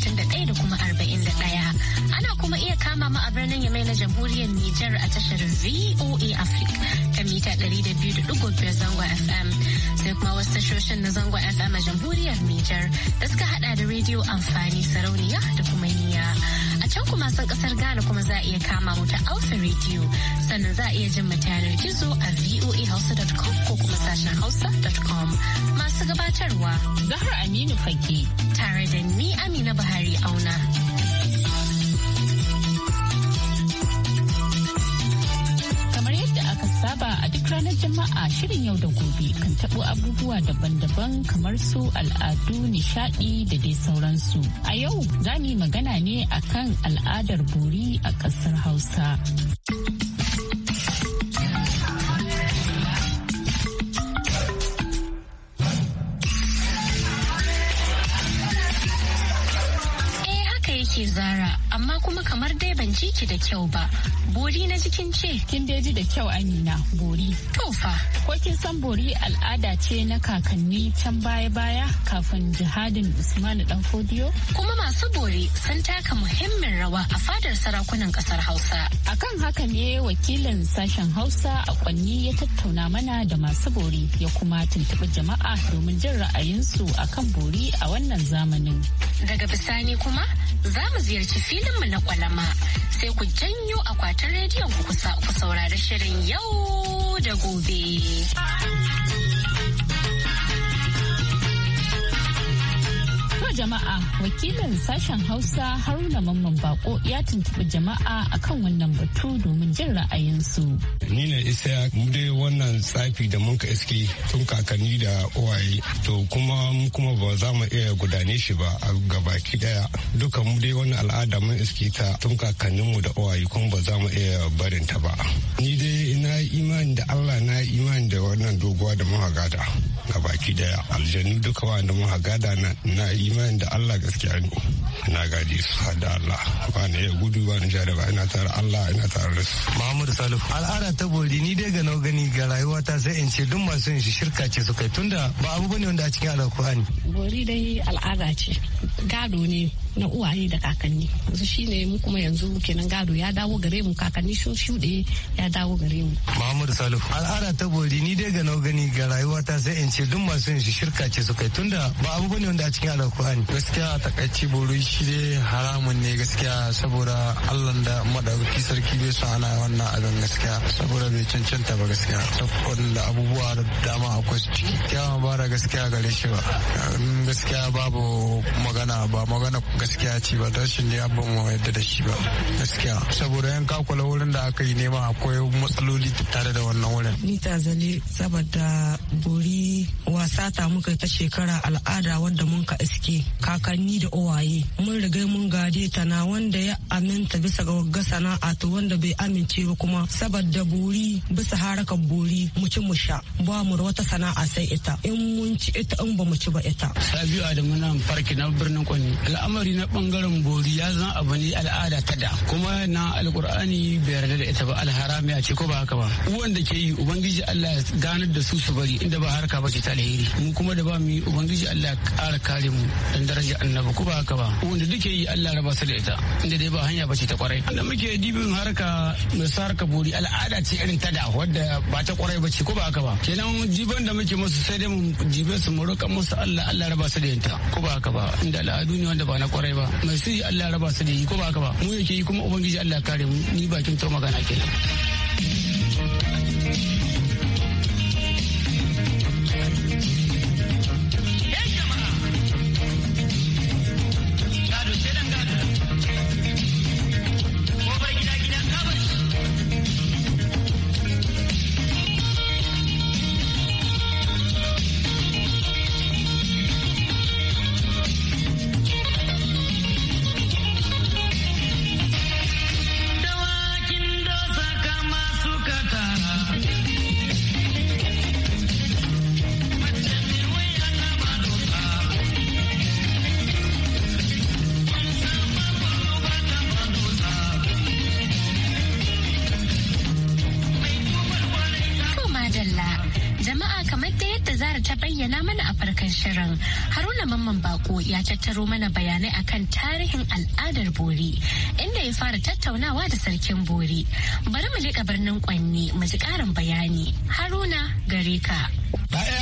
31 da kuma 41. Ana kuma iya kama mu a birnin Yamai na Jamhuriyar Nijar a tashar VOA Africa ta mita 200.5 zangon FM. Sai kuma wasu tashoshin na Zangon FM a Jamhuriyar Nijar da suka hada da rediyo amfani sarauniya da kuma niya. A can kuma sun kasar Ghana kuma za a iya kama mu ta Alpha Radio sannan za a iya jin yanar gizo a voahausa.com ko kuma sashen hausa.com masu gabatarwa zahra aminu fage tare da ni amina buhari auna kamar yadda aka saba a duk ranar jama'a shirin yau da gobe kan tabo abubuwa daban-daban kamar su al'adu nishadi da dai sauransu a yau za mu magana ne akan al'adar bori a ƙasar hausa ce zara amma kuma kamar dai ban ji ki da kyau ba bori na jikin ce kin dai ji da kyau amina bori to fa ko kin san bori al'ada ce na kakanni can baya baya kafin jihadin Usman dan fodiyo kuma masu bori sun taka muhimmin rawa a fadar sarakunan kasar hausa akan haka ne wakilin sashen hausa a kwanni ya tattauna mana da masu bori ya kuma tuntuɓi jama'a domin jin ra'ayinsu akan bori a wannan zamanin daga bisani kuma za mu ziyarci filinmu na kwalama sai ku janyo akwatin rediyon ku kusa ku saurari shirin yau da gobe. jama'a wakilin sashen Hausa Haruna Mamman Bako ya tuntuɓi jama'a akan wannan batu domin jin ra'ayinsu. Ni ne isa mu dai wannan tsafi da mun ka iske tun kakanni da uwaye to kuma mu kuma ba za mu iya gudane shi ba a gabaki daya duka mu dai wannan al'ada mun iske ta tun mu da uwaye kuma ba za mu iya barin ta ba. Ni dai na imani da Allah na imani da wannan doguwa da muka gada gabaki daya aljanu duka da muka gada na imani imanin da Allah gaskiya ne na gaji su da Allah ba ni ya gudu ba ni ja da ba ina tare Allah ina tare da su Muhammadu Salihu al'ada ta bori ni dai ga gani ga rayuwa ta sai in ce duk masu yin shi shirka ce su kai tunda ba abu bane wanda a cikin alkur'ani bori dai al'ada ce gado ne na uwaye da kakanni yanzu shine mu kuma yanzu kenan gado ya dawo gare mu kakanni sun shuɗe ya dawo gare mu Muhammadu Salihu al'ada ta bori ni dai ga gani ga rayuwa ta sai in ce duk masu yin shi shirka ce su kai tunda ba abu bane wanda a cikin alkur'ani gaskiya takaici bori shi dai haramun ne gaskiya saboda Allah da madauki sarki bai so ana wannan abin gaskiya saboda bai cancanta ba gaskiya saboda abubuwa da dama akwai su ciki kyawun bara gaskiya gare shi ba gaskiya babu magana ba magana gaskiya ce ba shi ne abin mu yadda da shi ba gaskiya saboda yan kakula wurin da aka yi nema akwai matsaloli tare da wannan wurin ni ta zale saboda buri wasa ta muka ta shekara al'ada wanda mun ka iske kakanni da owaye mun riga mun gade ta na wanda ya aminta bisa ga wagga sana'a to wanda bai amince ba kuma saboda buri bisa haraka buri mu ci mu sha ba mu wata sana'a sai ita in mun ci ita in ba mu ci ba ita sabiu adamu nan farki na birnin kwani al'amari al'amari na bangaren bori ya zan abu ne al'ada ta da kuma na alkur'ani bai yarda da ita ba alharami a ce ko ba haka ba uwan da ke yi ubangiji Allah ya ganar da su su bari inda ba harka ba ce ta alheri mu kuma da ba mu yi ubangiji Allah ya ƙara kare mu dan daraja annabi ko ba haka ba wanda duke yi Allah raba su da ita inda dai ba hanya ba ce ta kwarai da muke dibin harka mai harka bori al'ada ce irin ta da wadda ba ta kwarai ba ce ko ba haka ba kenan jiban da muke musu sai dai mu jibe su mu roƙa musu Allah Allah raba su da ita ko ba haka ba inda al'adu ne wanda ba na kwarai kwarai ba mai sirri Allah raba su da yi ko ba haka ba mu yake yi kuma ubangiji Allah kare mu ni bakin turma magana kenan tattaro mana bayanai akan tarihin al'adar bori inda ya fara tattaunawa da sarkin bori bari mu liƙa birnin kwanni mu ji ƙarin bayani haruna gare ka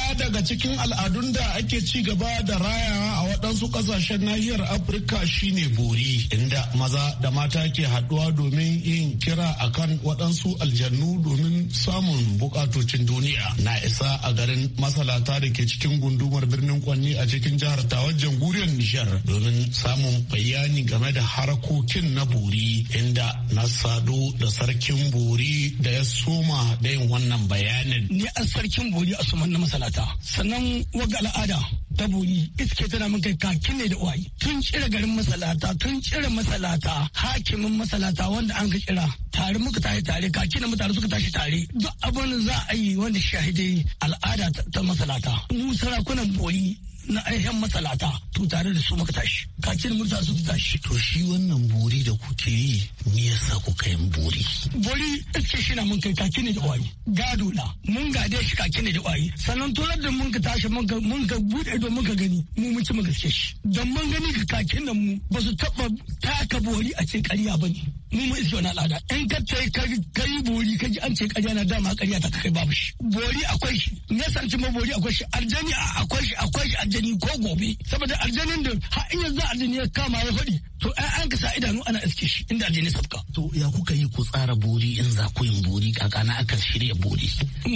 ɗaya daga cikin al'adun da ake ci gaba da rayawa a waɗansu ƙasashen nahiyar Afirka shine bori, inda maza da mata ke haɗuwa domin yin kira akan waɗansu aljannu domin samun bukatocin duniya. Na isa a garin masalata da ke cikin gundumar birnin Kwanni a cikin jihar Tawar jamhuriyar Nijar domin samun bayani game da harkokin na bori, inda na sadu da sarkin bori da ya soma da yin wannan bayanin. Ni a sarkin bori a suman na masalata. ta sannan wagga al'ada ta boni iske tana min kai kakin ne da wayi tun cire garin masalata tun cire masalata hakimin masalata wanda an ka kira tare muka tashi tare kakin mu tare suka tashi tare duk abin za a yi wanda shahidai al'ada ta masalata mu sarakunan boni na ayyan matsalata to tare da su maka tashi kakin murta su tashi to shi wannan bori da kuke yi me yasa kuka yin bori bori ce shi na mun kai kakin ne da wayi gado na mun gade shi kakin ne da wayi sannan tolar da mun ka tashi mun ka mun ka bude don mun ka gani mu mun ci mu gaske shi dan mun gani ka kakin nan mu ba su taba taka bori a cikin ƙarya bane mu mun isi wani al'ada in ka tai kai bori ka ji an ce ƙarya na dama ƙarya ta kai babu shi bori akwai shi ci mu buri akwai shi aljani akwai shi akwai shi aljani ko gobe saboda aljanin da har in yanzu aljani ya kama ya faɗi to an ka sa idanu ana iske shi inda aljani safka. to ya kuka yi ku tsara bori in za ku yin bori kakana aka shirya bori.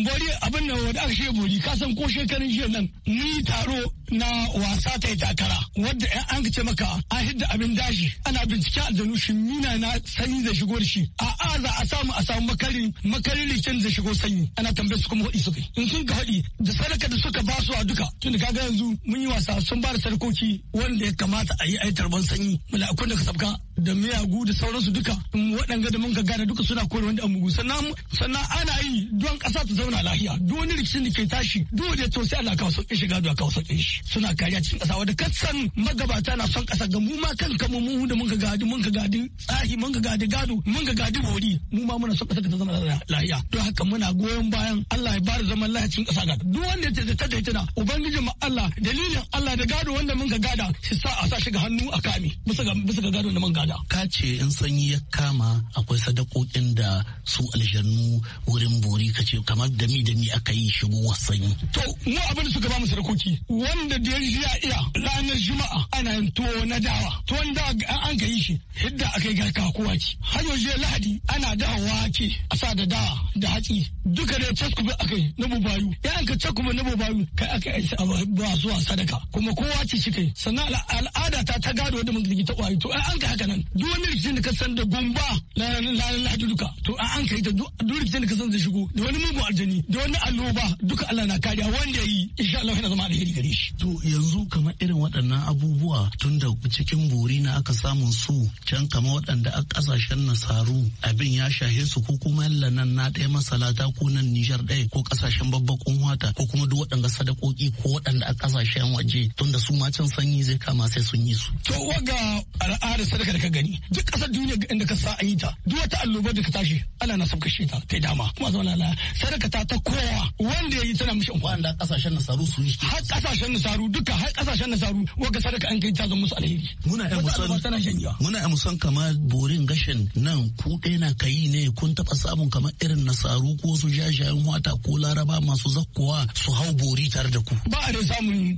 bori abin da wanda aka shirya bori ka san ko shekarun jiya nan ni taro na wasa ta yi takara wadda ya an ce maka a hidda abin dashi ana bincike a shi nuna na sanyi da shigo da shi a a za a samu a samu makarin makarin likin da shigo sanyi ana tambayar su kuma hudi suka in sun ka hudi da sadaka da suka ba su a duka tun da kaga yanzu mun yi wasa sun ba da sarkoki wanda ya kamata a yi aitar ban sanyi mala'ikun da ka sabka da miyagu da sauransu duka waɗanga da mun gada duka suna kore wanda mugu sannan sannan ana yi don ƙasa ta zauna lafiya duk wani rikicin da ke tashi duk wanda to sai Allah kawo sauƙin shiga da kawo sauƙin shi suna kariya cikin ƙasa wanda kasan magabata na son ƙasa ga mu ma kan mu mu da mun ga gadi mun ga gadi tsahi mun ga gadi gado mun ga gadi bori mu ma muna son ƙasa ta zama lafiya don haka muna goyon bayan Allah ya ba da zaman lafiya cikin ƙasa ga duk wanda ya ta tana ubangijin Allah dalilin Allah da gado wanda mun ga gada shi sa a sa shiga hannu a kame bisa ga bisa ga gado da mun tsada. Ka ce in sanyi ya kama akwai sadakokin da su aljannu wurin bori ka ce kamar dami dami aka yi shigowar sanyi. To mu abin da suka ba mu sadakoki wanda da ya iya ranar juma'a ana yin tuwo na dawa. To da an ka yi shi hidda aka yi garka kowa ce. Hanyar yanzu lahadi ana dawa wake a sa da dawa da hatsi. Duka da caskube aka yi na bubayu. Ya an ka caskube na bubayu kai aka yi ba zuwa sadaka. Kuma kowa ce shi kai. Sannan al'ada ta ta gado da mun ta kwayo. To an ka haka nan duk wani rikicin da ka san da gumba na lahadi duka to a an kai ta duk rikicin da ka san da shigo da wani mugun aljani da wani alloba duka Allah na kariya wanda yi insha Allah yana zama alheri gare shi to yanzu kamar irin waɗannan abubuwa tun da cikin bori na aka samu su can kama waɗanda a ƙasashen nasaru abin ya shahe su ko kuma nan na ɗaya masalata ko nan Nijar ɗaya ko ƙasashen babban wata ko kuma duk waɗanda sadakoki ko waɗanda a ƙasashen waje tun da su ma can sanyi zai kama sai sun yi su. To waga al'adar sadaka ka gani duk ƙasar duniya inda ka sa an yi ta duk wata alloba da ka tashi ana na sabka shi ta ta dama kuma zama lala sadaka ta ta kowa wanda ya yi tana mishi amfani da ƙasashen nasaru su yi har ƙasashen nasaru duka har ƙasashen nasaru wanda sadaka an kai ta zama musu alheri muna ya musan muna ya musan kamar borin gashin nan ku na kayi ne kun taɓa samun kamar irin nasaru ko su jajayen wata ko laraba masu zakkuwa su hau bori tare da ku ba a da samun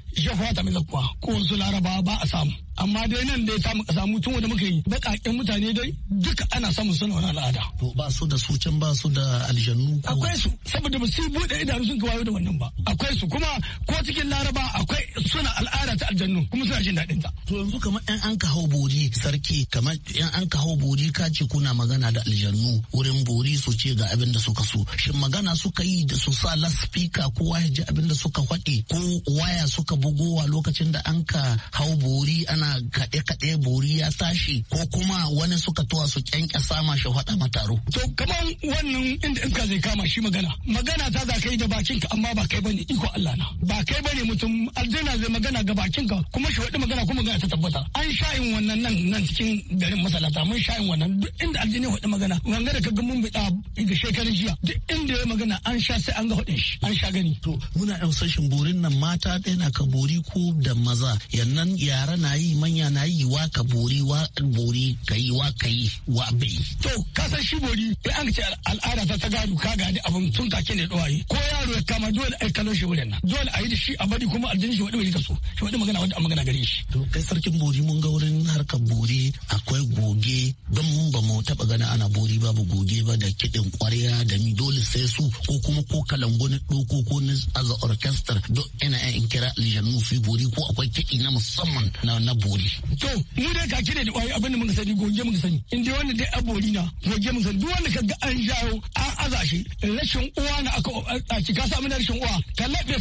ta mai zakkuwa ko su laraba ba a samu amma dai nan dai samu tun wanda muka yi dai baƙaƙen mutane dai duk ana samun suna wani al'ada. To ba su da su can ba su da aljannu. Akwai su saboda ba su buɗe idanu sun da wannan ba. Akwai su kuma ko cikin laraba akwai suna al'ada ta aljannu kuma suna jin daɗin ta. To yanzu kamar ƴan an kawo bori sarki kamar ƴan an kawo bori ka ce kuna magana da aljannu wurin bori su ce ga abin da suka so. Shin magana suka yi da su sa laspika kowa ya ji abin da suka faɗi ko waya suka bugowa lokacin da an ka hau bori ana kaɗe-kaɗe bori ya tashi ko kuma wani suka tuwa su kyankyasa ma shi faɗa ma To kamar wannan inda in ka zai kama shi magana. Magana ta za ka yi da bakinka amma ba kai bane iko Allah na. Ba kai bane mutum aljanna zai magana ga bakinka kuma shi faɗi magana kuma magana ta tabbata. An sha'in wannan nan nan cikin garin masalata mun sha'in wannan duk inda aljanna ya faɗi magana. Wanga da ka ga mun biɗa ga shekarun jiya duk inda ya magana an sha sai an ga faɗin shi an sha gani. To muna yan sashin burin nan mata ɗaya na kabori ko da maza yannan yara na yi manya na yi wa kabori wa bori ka yi wa ka yi wa bai. To ka san shi bori ya an ce al'ada ta ta gado ka gadi abin tun take ne ɗawaye ko yaro ya kama dole ai kallon shi wurin nan dole a yi da shi a bari kuma aljin shi wani bai ka so shi wani magana wanda an magana gare shi. To kai sarkin bori mun ga wurin harkar bori akwai goge don mun ba mu taɓa gana ana bori babu goge ba da kiɗin ƙwarya da mi dole sai su ko kuma ko kalan na ɗoko ko na aza orchestra don ina in kira aljannu fi bori ko akwai kiɗi na musamman na bori. To mu dai ka kire da ƙwarya abin da muka sani goge muka sani in dai wanda dai abori na goge muka sani duk wanda ka ga an jawo an aza shi rashin uwa na aka a cika sa mana rashin uwa ka laɓe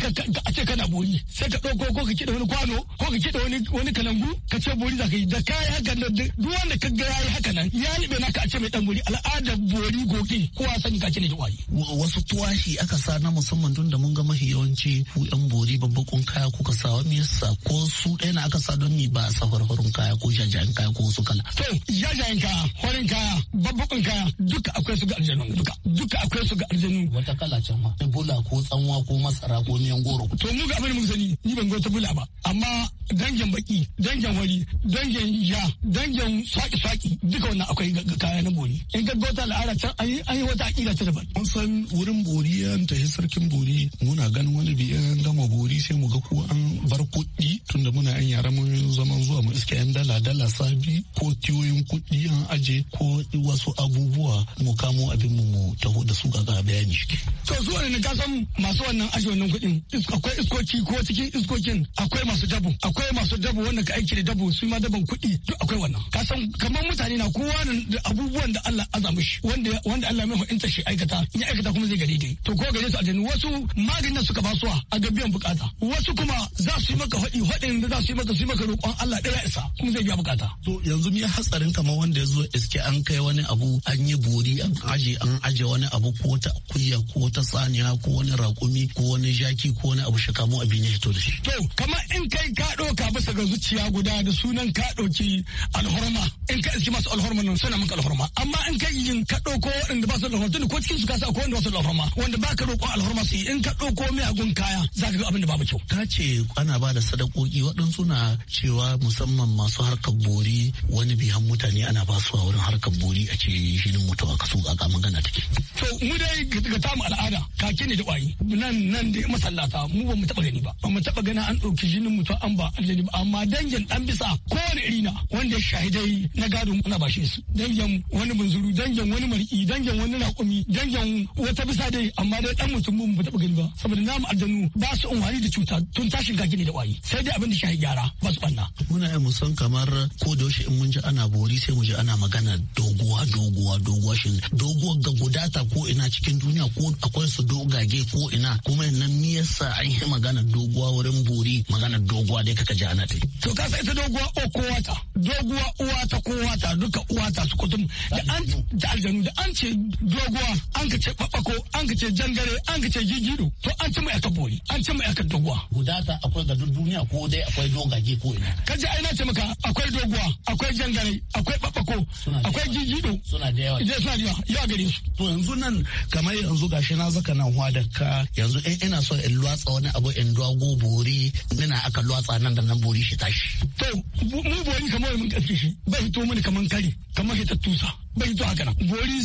kana bori sai ka ɗauko ko ka kiɗa wani kwano ko ka kiɗa wani wani kalangu ka ce bori za ka yi da kayi haka nan duk wanda ka ga yayi haka nan ya libe naka a ce mai dan bori al'adar bori goge kowa sani ka ce ne wayi wasu tuwashi aka sa na musamman tun da mun ga mahi yawanci ku yan bori babbakon kaya kuka sa wani yasa ko su ɗaya na aka sa don ni ba a sa farfarun kaya ko jajayen kaya ko wasu kala to jajayen kaya horin kaya babbakon kaya duka akwai su ga aljanu duka duka akwai su ga aljanu wata kala can ma bola ko tsanwa ko masara ko miyan goro to mu ga abin da sani ni ban ga wata bula ba amma dangin baki dangin wari dangin ja dangin saki saki duka wannan akwai kaya na bori in ga wata al'ada can an yi wata akida ta daban mun san wurin bori an yi sarkin bori muna ganin wani an gama bori sai mu ga ko an bar kuɗi tunda muna yan yara mun zaman zuwa mu iske yan dala dala sabi ko tiyoyin kuɗi an aje ko wasu abubuwa mu kamo abin mu taho da su ga bayani shi to zuwa ne ka san masu wannan ajiyar wannan kuɗin akwai iskoki ko cikin iskokin akwai masu dabu akwai masu dabo wanda ka aiki da dabo su ma daban kuɗi duk akwai wannan ka san kamar mutane na kowa da abubuwan da Allah azamu shi wanda wanda Allah mai fa'inta shi aikata in aikata kuma zai gare dai to ko gare su wasu maganin suka ba su a ga biyan bukata wasu kuma za su yi maka haɗi haɗin da za su yi maka su yi maka roƙon Allah ɗaya isa kuma zai biya bukata to yanzu me hatsarin kamar wanda ya zo iske an kai wani abu an yi buri an aje an aje wani abu ko ta kuya ko ta saniya ko wani raƙumi ko wani jaki ko wani abu shaka kamo abin ya fito da shi. To kamar in kai ka ɗauka bisa ga zuciya guda da sunan ka ɗauki alhorma in ka iski masu alhorma nan suna maka alhorma amma in kai yin ka ɗauko waɗanda ba su alhorma tunda ko cikin su ka sa ko wanda ba su alhorma wanda ba ka roƙo alhorma su yi in ka ɗauko agun kaya za ka ga abin da ba kyau. Ka ce ana ba da sadakoki waɗansu na cewa musamman masu harkar bori wani bihan mutane ana ba su a wurin harkar bori a ce shinin mutuwa kaso a ga magana take. To mu dai ga tamu al'ada kake ne da ƙwayi nan nan da masallata mu ba mu taba gani ba ba mu taba gani an dauki jinin mutum an ba aljani ba amma dangin dan bisa kowane iri na wanda shahidai na gado ana bashe su dangin wani bunzuru dangin wani mariki dangin wani raƙumi dangin wata bisa dai amma dai dan mutum mu taba gani ba saboda namu aljanu ba su unwani da cuta tun tashin gaki ne da wayi sai dai abin da shahi gyara ba su banna muna yin musan kamar ko da yaushe in mun ji ana bori sai mu ji ana magana doguwa doguwa doguwa shin doguwa ga gudata ko ina cikin duniya ko akwai su dogage ko ina kuma nan me yasa an yi magana doguwa wurin buri magana doguwa dai kaka ji ana ta to ka sai ta doguwa o oh, kowa ta doguwa uwa ta kowa ta duka uwa ta su kutum da an da aljanu da an ce doguwa an ka ce babako an ka ce jangare an ka ce gigido to an ci mai aka bori an ci mai aka doguwa ta akwai ga duniya ko dai akwai dogage ko ina kaji aina ce maka akwai doguwa akwai jangare akwai ko akwai jijido suna da yawa suna da yawa gare su to yanzu nan kamar yanzu gashi na zaka nan hwa da ka yanzu in eh, ina so in lwatsa wani abu in dwago bori nina aka lwatsa nan da nan bori shi tashi to mu bori kamar mun kashi shi bai fito mini kamar kare kamar shi ta tusa bai zuwa haka nan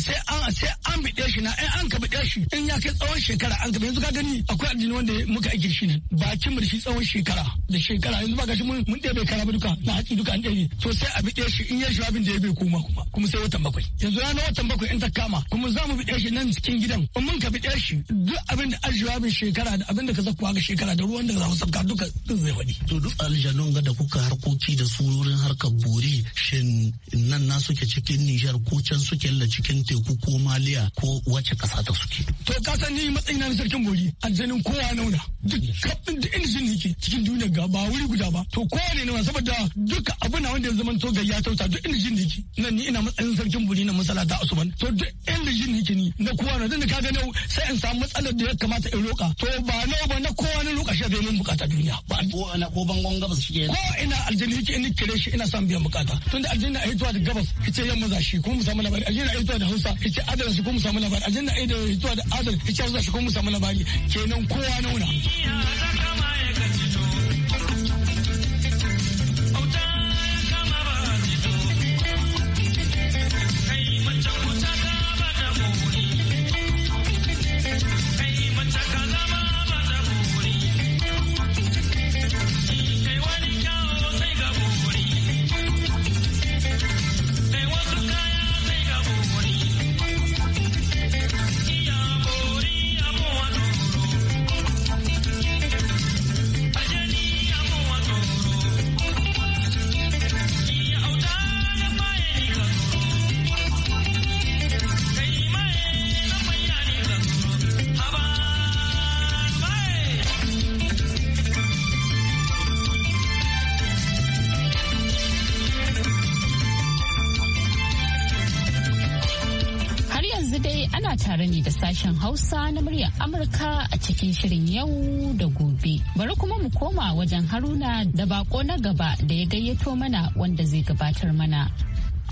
sai an sai an bi shi na an ka bi shi in ya kai tsawon shekara an ka yanzu ka gani akwai addini wanda muka aiki shi ne bakin mu da shi tsawon shekara da shekara yanzu ba ga shi mun mun bai kara ba duka na haƙi duka an dai to sai a bi shi in ya shi abin da ya bai koma kuma kuma sai watan bakwai yanzu ranar watan bakwai in ta kama kuma za mu bi shi nan cikin gidan in mun ka bi shi duk abin da aljawabin shekara da abin da ka zakuwa ga shekara da ruwan da za mu sabka duka zai faɗi. to duk aljanun ga da kuka harkoki da su wurin harkar bori shin nan na suke cikin nishar ko can suke la cikin teku ko maliya ko wace kasa ta suke. To ka san ni matsayina na sarkin gori aljanin kowa nauna duk kafin da inda jin yake cikin duniyar ga ba wuri guda ba to kowa ne nauna saboda duka abu na wanda ya zama to gayya tauta duk inda jin yake nan ni ina matsayin sarkin gori na masalata asuban to duk inda jin yake ni na kowa na dan ka ga nau sai in samu matsalar da ya kamata in roka to ba nawa ba na kowa na roka shi da mun bukata duniya ba ko ana ko bangon gabas shi ko ina aljani yake in kire shi ina son biyan bukata tunda aljani na hitowa da gabas ita yamma za shi kuma samu labari ajinda ai da hausa yace adala shi kuma samu labari ajinda ai da hausa da adala yace hausa shi samu labari kenan kowa nauna sashen Hausa na muryar Amurka a cikin shirin yau da gobe. Bari kuma mu koma wajen Haruna da bako na gaba da ya gayyato mana wanda zai gabatar mana.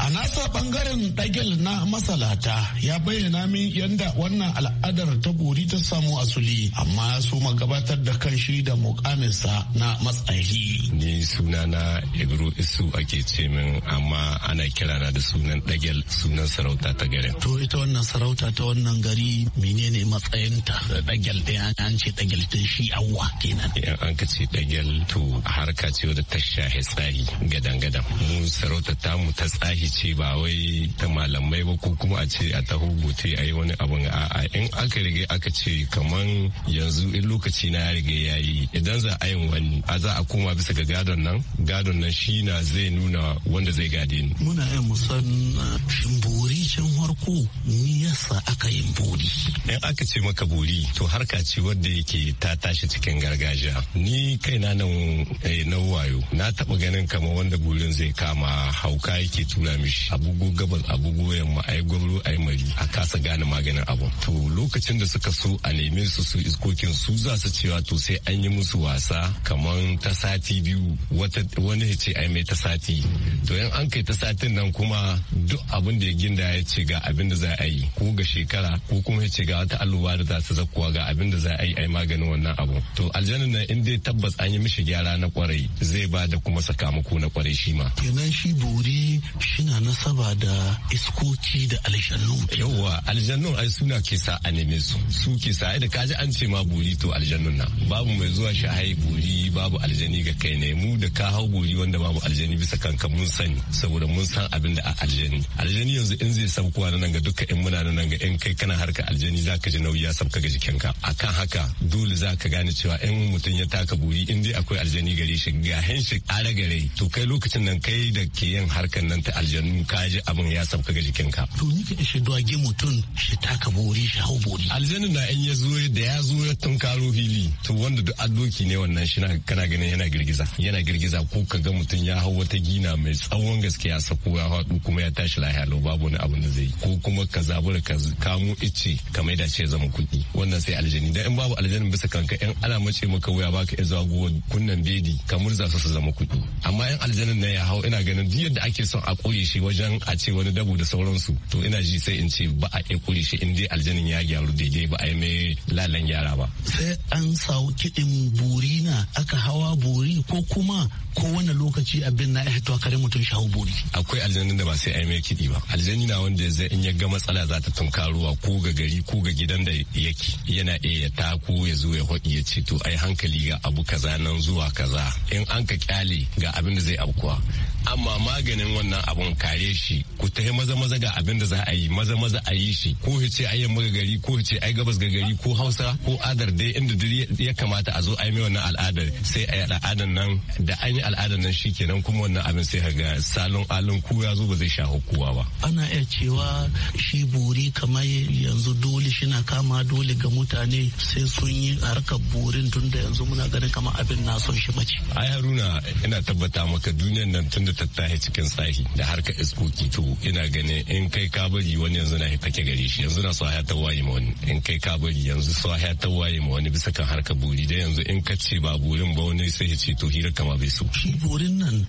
A nasa bangaren dagel na masalata ya bayyana min yadda wannan al'adar ta bori ta samu asuli amma su gabatar da kan shi da mukaminsa na matsayi. Ni suna na Ibro Isu ake ce min amma ana kirana da sunan dagel sunan sarauta ta garin. To ita wannan sarauta ta wannan gari menene matsayinta da dagel ɗaya an ce dagel ta shi awwa kenan. Yan an ka ce dagel to harka ce da ta shahe tsari gadan-gadan. Mu sarauta tamu ta tsahi ce ba wai ta malamai ba ko kuma a ce a taho gote a yi wani abin a in aka rige aka ce kaman yanzu in lokaci na ya rige ya yi idan za a yin wani a za a koma bisa ga gadon nan gadon nan shi na zai nuna wanda zai gade ni. muna yin musan uh, shin bori can harko ni yasa aka yin bori. in aka ce maka bori to harka ce wadda yake ta tashi cikin gargajiya ni kaina nan eh, na wayo na taɓa ganin kamar wanda burin zai kama hauka yake tura shi agogo gabas agogo yamma ai gwamro ai mari a kasa gane maganin abu to lokacin da suka so a neme su su iskokin su za su cewa to sai an yi musu wasa kamar ta sati biyu wata wani ya ce ai mai ta sati to yan an kai ta satin nan kuma duk abin da ya ginda ya ce ga abin da za a yi ko ga shekara ko kuma ya ce ga wata alluwa da za su zakuwa ga abin da za a yi ai maganin wannan abu to aljanna na in dai tabbas an yi mishi gyara na kwarai zai ba da kuma sakamako na kwarai shi ma kenan shi bori na yana nasaba da iskoki da aljannu. Yawwa aljannu ai suna ke sa a neme su. Su ke sa da kaji an ce ma buri to aljannun na. Babu mai zuwa shi hai buri babu aljani ga kai ne mu da ka hau buri wanda babu aljani bisa kanka mun sani saboda mun san abin da a aljani. Aljani yanzu in zai sabkuwa nan ga duka in muna nan ga in kai kana harka aljani ka ji nauyi ya sabka ga jikinka. Akan haka dole ka gane cewa in mutum ya taka buri in dai akwai aljani gare shi ga hin shi ƙara gare to kai lokacin nan kai da ke yin harkar nan ta aljanu ganin ka ji abin ya sauka ga jikinka. To ni kaɗa shi gemu mutum shi taka bori shi hau bori. Aljanna na in ya zo da ya zo ya tunkaro fili to wanda duk addoki ne wannan shi kana ganin yana girgiza yana girgiza ko ka ga mutum ya hau wata gina mai tsawon gaske ya sako ya haɗu kuma ya tashi lahiya lo babu wani abin da zai yi ko kuma ka zabura ka kamo ice ka mai da ce zama kuɗi wannan sai aljani da in babu aljanin bisa kanka yan ana mace maka wuya baka zuwa zago kunnen bedi ka murza su su zama kuɗi amma yan aljanin na ya hau ina ganin duk yadda ake son a koye shi shi wajen a ce wani dabu da sauransu to ina ji sai in ce ba a ƙure shi in dai aljanin ya gyaru daidai ba a yi mai lalan gyara ba. sai an sawo kiɗin buri na aka hawa bori ko kuma kowane lokaci abin na ya a kare mutum shawo bori. akwai aljanin da ba sai a yi mai kiɗi ba aljani na wanda zai in ya ga matsala za ta tunkaruwa ko ga gari ko ga gidan da yake yana iya ya tako ya zo ya hoɗi ya ce to ai hankali ga abu kaza nan zuwa kaza in an ka kyale ga abin da zai abkuwa amma maganin wannan abun Kare shi ku tahi maza maza ga abin da za a yi maza maza a yi shi ko ce ai yamma ga gari ko ce ai gabas ga gari ko hausa ko adar dai inda ya kamata a zo ai mai wannan al'adar sai ai al'adar nan da an yi al'adar nan shi kenan kuma wannan abin sai ga salon alon ku ya zo ba zai sha kowa ba ana iya cewa shi buri kamar yanzu dole shi na kama dole ga mutane sai sun yi harkar burin tun da yanzu muna ganin kamar abin na son shi mace ai haruna ina tabbata maka duniyar nan tun da ta tahi cikin tsahi da harkar ka isko ki to ina ganin in kai ka bari wani yanzu na fake gare shi yanzu na sahiya ta waye ma wani in kai ka bari yanzu sahiya ta waye ma wani bisa kan harka buri da yanzu in ka ce ba burin ba wani sai ya ce to hira kama bai so shi burin nan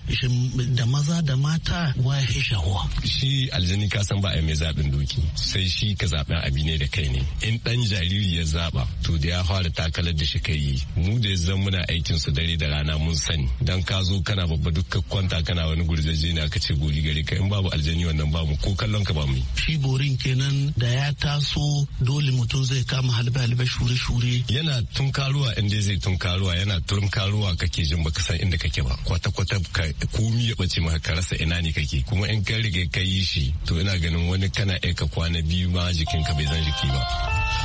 da maza da mata waye shahuwa shi aljani ka san ba a mai zaɓin doki sai shi ka zaɓi abi ne da kai ne in ɗan jariri ya zaɓa to da ya fara takalar da shi kai mu da ya zan muna aikin su dare da rana mun sani dan ka zo kana babba dukkan kwanta kana wani gurjaje ne aka ce gori gari ka in babu aljani wannan ba ko kallon ka ba mu shi borin kenan da ya taso dole mutum zai kama halbe halbe shure shure yana tunkaruwa inda zai tunkaruwa yana tunkaruwa kake jin baka san inda kake ba kwata kwata komi ya bace maka ka rasa ina ne kake kuma in ka riga ka yi shi to ina ganin wani kana aika kwana biyu ma jikin ka bai zan jiki ba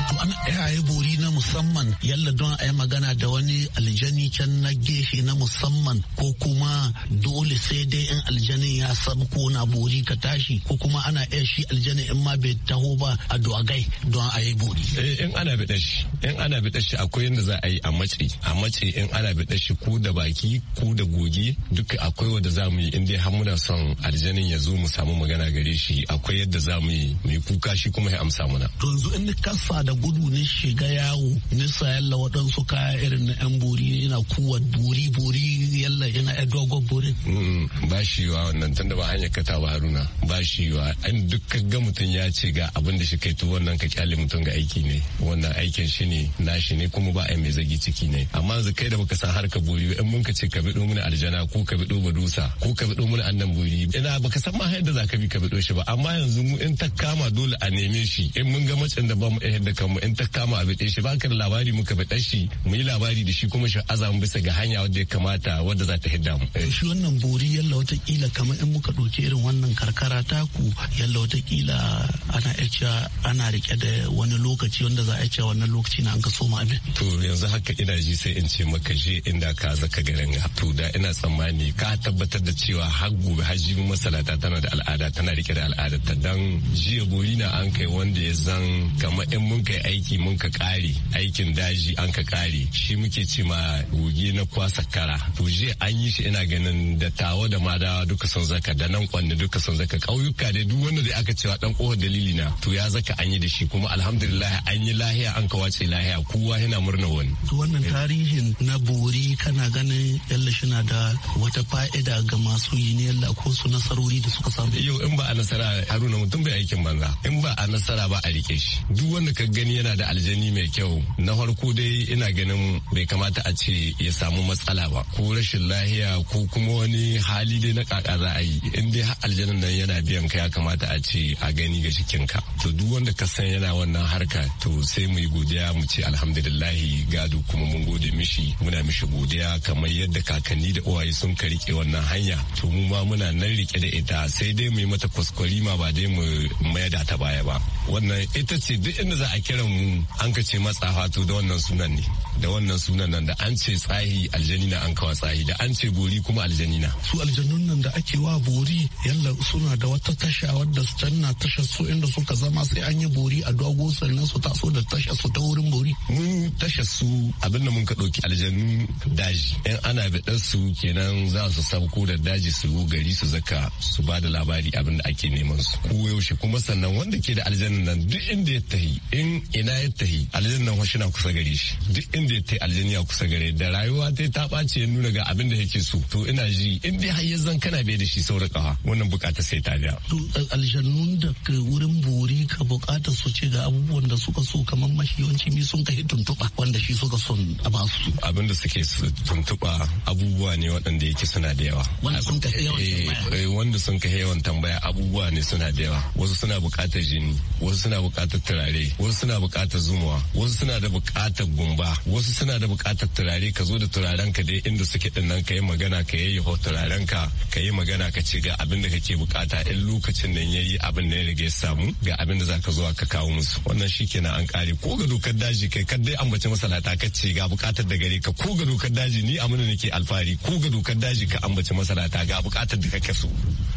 to ana bori na musamman yalla don a yi magana da wani aljani can na gefe na musamman ko kuma dole sai dai in aljanin ya sabko wani bori ka tashi ko kuma ana iya shi aljanna in ma bai taho ba a dogai don a yi bori. Eh, in ana bi dashi in ana bi dashi akwai yadda za a yi a matse a matse in ana bi dashi ko da baki ko da goge duk akwai wanda za mu yi in dai har muna son aljanin ya zo mu samu magana gare shi akwai yadda za mu yi mu yi kuka shi kuma ya amsa muna. to yanzu in ni kasa da gudu ni shiga yawo ni sayalla waɗansu kaya irin na yan bori ina kuwa bori bori yalla ina yan dogon bori. Mm, ba shi wa wannan tunda ba hanyar aikatawa haruna ba shi wa an duk ga mutum ya ce ga abin da shi kai to wannan ka kyale mutum ga aiki ne wannan aikin shi ne na shi ne kuma ba a mai zagi ciki ne amma yanzu kai da baka san harka buri in mun ka ce ka bido mini aljana ko ka bido badusa ko ka bido mini annan buri ina baka san ma yadda zaka bi ka bido shi ba amma yanzu mu in ta kama dole a neme shi in mun ga macen da ba mu yadda mu in ta kama a bide shi ba ka da labari muka bi shi mu yi labari da shi kuma shi azamu bisa ga hanya wadda ya kamata wadda za ta hidda mu shi wannan bori yalla wata kila kamar in muka ɗauke irin wannan karkara taku yalla watakila ana ana rike da wani lokaci wanda za a iya wannan lokaci na an ka soma abin. To yanzu haka ina ji sai in ce maka je inda ka zaka garin to da ina tsammani ka tabbatar da cewa har gobe har jibin masalata tana da al'ada tana rike da al'ada ta dan jiya gori na an kai wanda ya zan kamar in mun kai aiki mun ka kare aikin daji an ka kare shi muke ce ma goge na kwasa kara to jiya an yi shi ina ganin da tawa da madawa duka sun zaka da nan wanda duka sun zaka kauyuka da duk wanda da aka cewa dan kohon dalili na to ya zaka an yi da shi kuma alhamdulillah an yi lahiya an kawace lahiya kowa yana murna wani. To wannan tarihin na bori kana ganin yalla shina da wata fa'ida ga masu yi ne yalla ko su nasarori da suka samu. Yau in ba a nasara Haruna mutum bai aikin banza in ba a nasara ba a rike shi duk wanda ka gani yana da aljani mai kyau na farko dai ina ganin bai kamata a ce ya samu matsala ba ko rashin lahiya ko kuma wani hali dai na kaka za a yi in dai Aljanun nan yana biyan ka ya kamata a ce a gani ga ka to duk wanda ka san yana wannan harka to sai mu yi godiya mu ce alhamdulillahi gado kuma mun gode mishi muna mishi godiya kamar yadda kakanni da uwaye sun ka rike wannan hanya to mu ma muna nan rike da ita sai dai mu yi mata kwaskwari ma ba dai mu mayar da ta baya ba wannan ita ce duk inda za a kira mu an ka ce matsafa to da wannan sunan ne da wannan sunan nan da an ce tsahi aljanina an kawa tsahi da an ce bori kuma aljanina su Aljanun nan da ake wa bori yalla suna da wata tasha wadda su canna tashar su inda suka zama sai an yi bori a dogo sannan su taso da tashar su ta wurin bori. Mun tashar su abinda mun ka ɗauki aljanu daji. Yan ana biɗar su kenan za su sauko da daji su gari su zaka su ba da labari abinda ake neman su. Ko yaushe kuma sannan wanda ke da aljanun nan duk inda ya tahi in ina ya tahi aljanun nan shi na kusa gare shi duk inda ya tahi aljanun ya kusa gare da rayuwa ta ta ɓace nuna ga abin da yake so to ina ji in dai har yanzu kana bai da shi saurakawa wannan bukatar sai ta biya. To aljannun da ke wurin buri ka bukata su ce ga abubuwan da suka so kamar mashi yawanci mi sun kai tuntuɓa wanda shi suka son a ba su. Abin da suke tuntuɓa abubuwa ne waɗanda yake suna da yawa. Wanda sun kai yawan eh, tambaya. Eh, wanda sun kai yawan tambaya abubuwa ne suna da yawa. Wasu suna bukatar jini, wasu suna bukatar turare, wasu suna bukatar zumuwa, wasu suna da bukatar gumba, wasu suna da bukatar turare ka zo da turaren ka dai inda suke ɗin nan ka yi magana ka yayyafa turaren ka ka yi magana ka ci ga abin abin da kake bukata in lokacin nan ya yi abin da ya rage samu ga abin da zaka zo ka kawo musu wannan shi ke an kare ko ga dokar daji kai kar dai ambaci masalata ka ce ga bukatar da gare ka ko ga dokar daji ni muna nake alfahari ko ga dokar daji ka ambaci masalata ga bukatar da kake so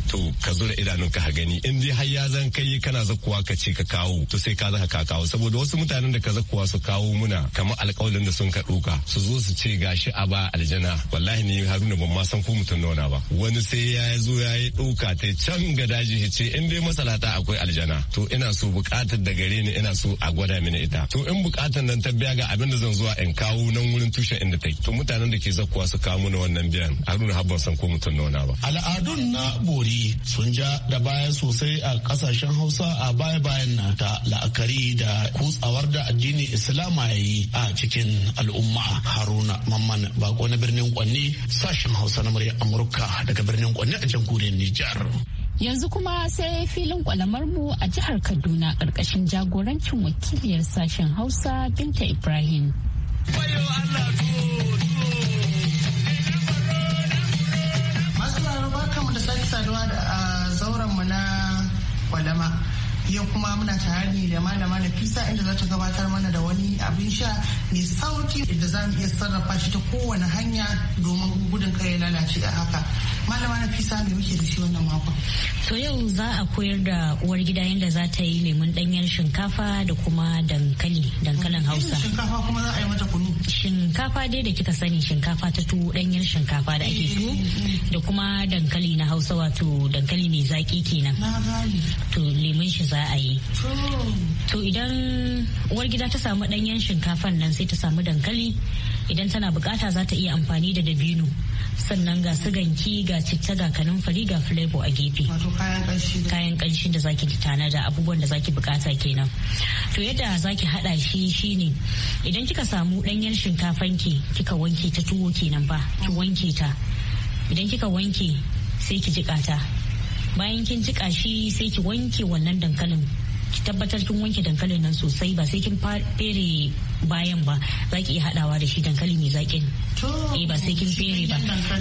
to ka zura idanun ka gani in dai har ya zan kai kana zakuwa ka ce ka kawo to sai ka zaka ka kawo saboda wasu mutanen da ka zakuwa su kawo muna kamar alƙawarin da sun ka ɗoka su zo su ce gashi a ba aljana wallahi ni haruna ban ma san ko mutum nona ba wani sai ya zo ya yi ɗauka ta can ga daji ce in dai masalata akwai aljana to ina so bukatar da gare ni ina so a gwada mini ita to in bukatar nan ta biya ga abin da zan zuwa in kawo nan wurin tushen inda take to mutanen da ke zakkuwa su kawo mana wannan biyan haruna habban san ko mutum nona ba al'adun na bori sun ja da baya sosai a kasashen hausa a baya bayan na ta la'akari da kutsawar da addini islama ya yi a cikin al'umma haruna mamman bako na birnin kwanne sashen hausa na murya amurka daga birnin kwanne a jamhuriyar ne. jihar. Yanzu kuma sai filin kwalamar mu a jihar Kaduna ƙarƙashin jagorancin wakiliyar sashen Hausa Binta Ibrahim. da sake saduwa da a mu na kwalama yau kuma muna tare ne da malama na fisa inda za ta gabatar mana da wani abin sha mai sauki inda za mu iya sarrafa shi ta kowane hanya domin gudun kai ya lalace a haka malama na fisa da muke da shi wannan makon to yau za a koyar da uwar gida yadda za ta yi lemun danyen shinkafa da kuma dankali dankalin hausa shinkafa kuma za a yi mata kunu shinkafa dai da kika sani shinkafa ta tuwo danyen shinkafa da ake tuwo eh, eh, eh. da kuma dankali na hausa wato dankali mai zaki kenan to lemun shi za a yi to idan uwar gida ta samu ɗanyen shinkafan nan sai ta samu dankali idan tana bukata za ta iya amfani da dabino sannan ga siganki ga citta ga kanunfari ga flavor a gefe kayan kanshi da zaki da abubuwan da zaki bukata kenan to yadda zaki hada shi shine idan kika samu ɗanyen shinkafan ki kika wanke ta tuwo kenan ba ki wanke ta idan kika wanke sai ki jika bayan kin jika shi sai ki wanke wannan dankalin tabbatar kin wanke dankalin nan sosai ba sai kin fere bayan ba za ki iya haɗawa da shi dankali mai zaƙin. Eh ba sai kin fere ba.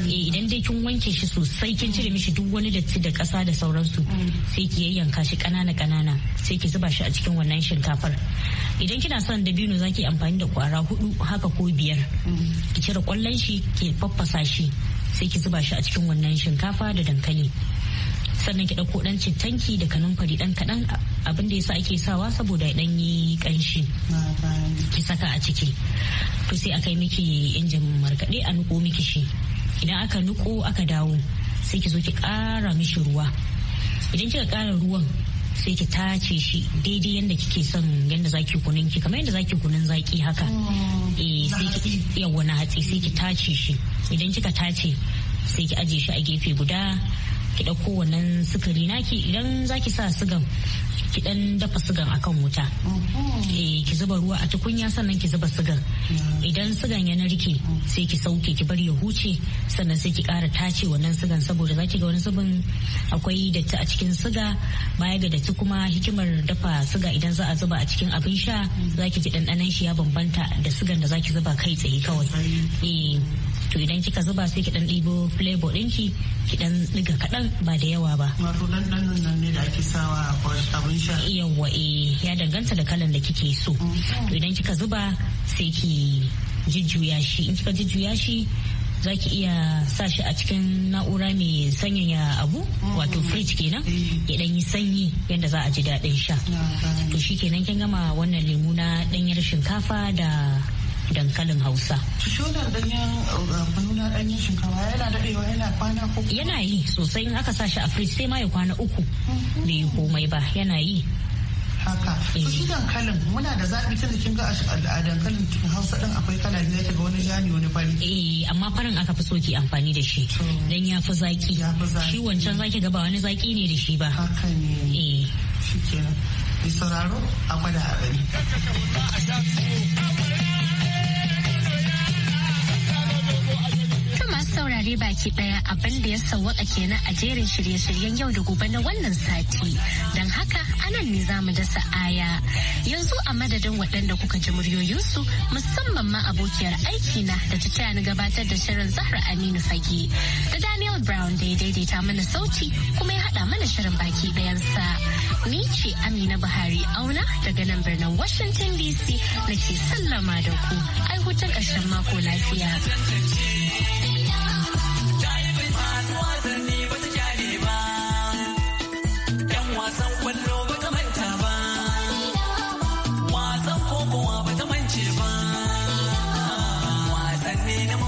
Eh idan dai kin wanke shi sosai kin cire mishi duk wani datti da ƙasa da sauransu mm. sai ki yayyanka shi ƙanana ƙanana sai ki zuba shi a cikin wannan shinkafar. Idan kina son dabino za ki amfani da ƙwara hudu haka ko biyar. Mm. Ki cire ƙwallon shi ki faffasa shi sai ki zuba shi a cikin wannan shinkafa da dankali. sannan ki ɗauko ɗan cittanki da kanumfari ɗan kaɗan abin da yasa ake sawa saboda dan yi kanshi ki saka a ciki to sai aka yi miki injin markaɗe a nuko miki shi idan aka nuko aka dawo sai ki zo ki ƙara mishi ruwa idan kika ƙara ruwan sai ki tace shi daidai yadda kike son yadda zaki kunun ki kamar yadda zaki kunun zaki haka oh. eh sai ki yawa na hatsi sai ki tace shi idan kika tace sai ki aje shi a gefe guda ki ɗauko wannan sukari naki idan zaki sa sugan ki dan dafa sugan akan wuta eh ki zuba ruwa a tukunya sannan ki zuba sugan hmm. idan sugan ya narke hmm. sai ki sauke ki bar ya huce sannan sai ki kara tace wannan sugan saboda zaki ga wani zubin akwai datti a cikin suga baya ga datti kuma hikimar dafa suga idan za a zuba a cikin abin sha hmm. zaki ji dandanan shi ya bambanta da sugan da zaki zuba kai tsaye kawai eh to idan kika zuba sai ki dan ɗibo flavor ɗinki ki dan ɗiga kaɗan ba da yawa ba. Wato ɗanɗanon nan ne da ake sawa a abin sha. Yawwa eh ya danganta da kalan da kike so. Mm. To idan kika zuba sai ki jujjuya shi in kika jujjuya shi za ki iya sa shi a cikin na'ura mai sanyaya abu mm. wato fridge kenan eh. ya dan yi sanyi yadda za a ji daɗin sha to shi kenan kin gama wannan lemu na ɗanyar shinkafa da dankalin hausa. Shodan danyen eh, kununa ɗanyen shinkawa yana daɗewa yana kwana uku. Yana yi sosai in aka sa shi a firij sai ma ya kwana uku. Mhm. Bai yi komai ba yana yi. haka su shi eh. dankalin muna da zaɓi tun da kin ga a dankalin cikin hausa din akwai kala biyar daga wani jani wani fari eh amma farin aka fi so ki amfani da shi dan ya fi zaki shi wancan zaki gaba wani zaki ne da shi ba haka ne eh shi kenan sauraro a gwada a gani saurare baki daya abin da ya sawwaka kenan a jerin shirye-shiryen yau da gobe na wannan sati. Don haka anan ne za mu dasa aya. Yanzu a madadin waɗanda kuka ji muryoyinsu musamman ma abokiyar aiki na da ta taya ni gabatar da shirin Zahra Aminu Fage. Da Daniel Brown da ya daidaita mana sauti kuma ya haɗa mana shirin baki ɗayansa. Ni ce Amina Buhari Auna daga nan birnin Washington DC na ke sallama da ku. Ai hutun ƙarshen mako lafiya.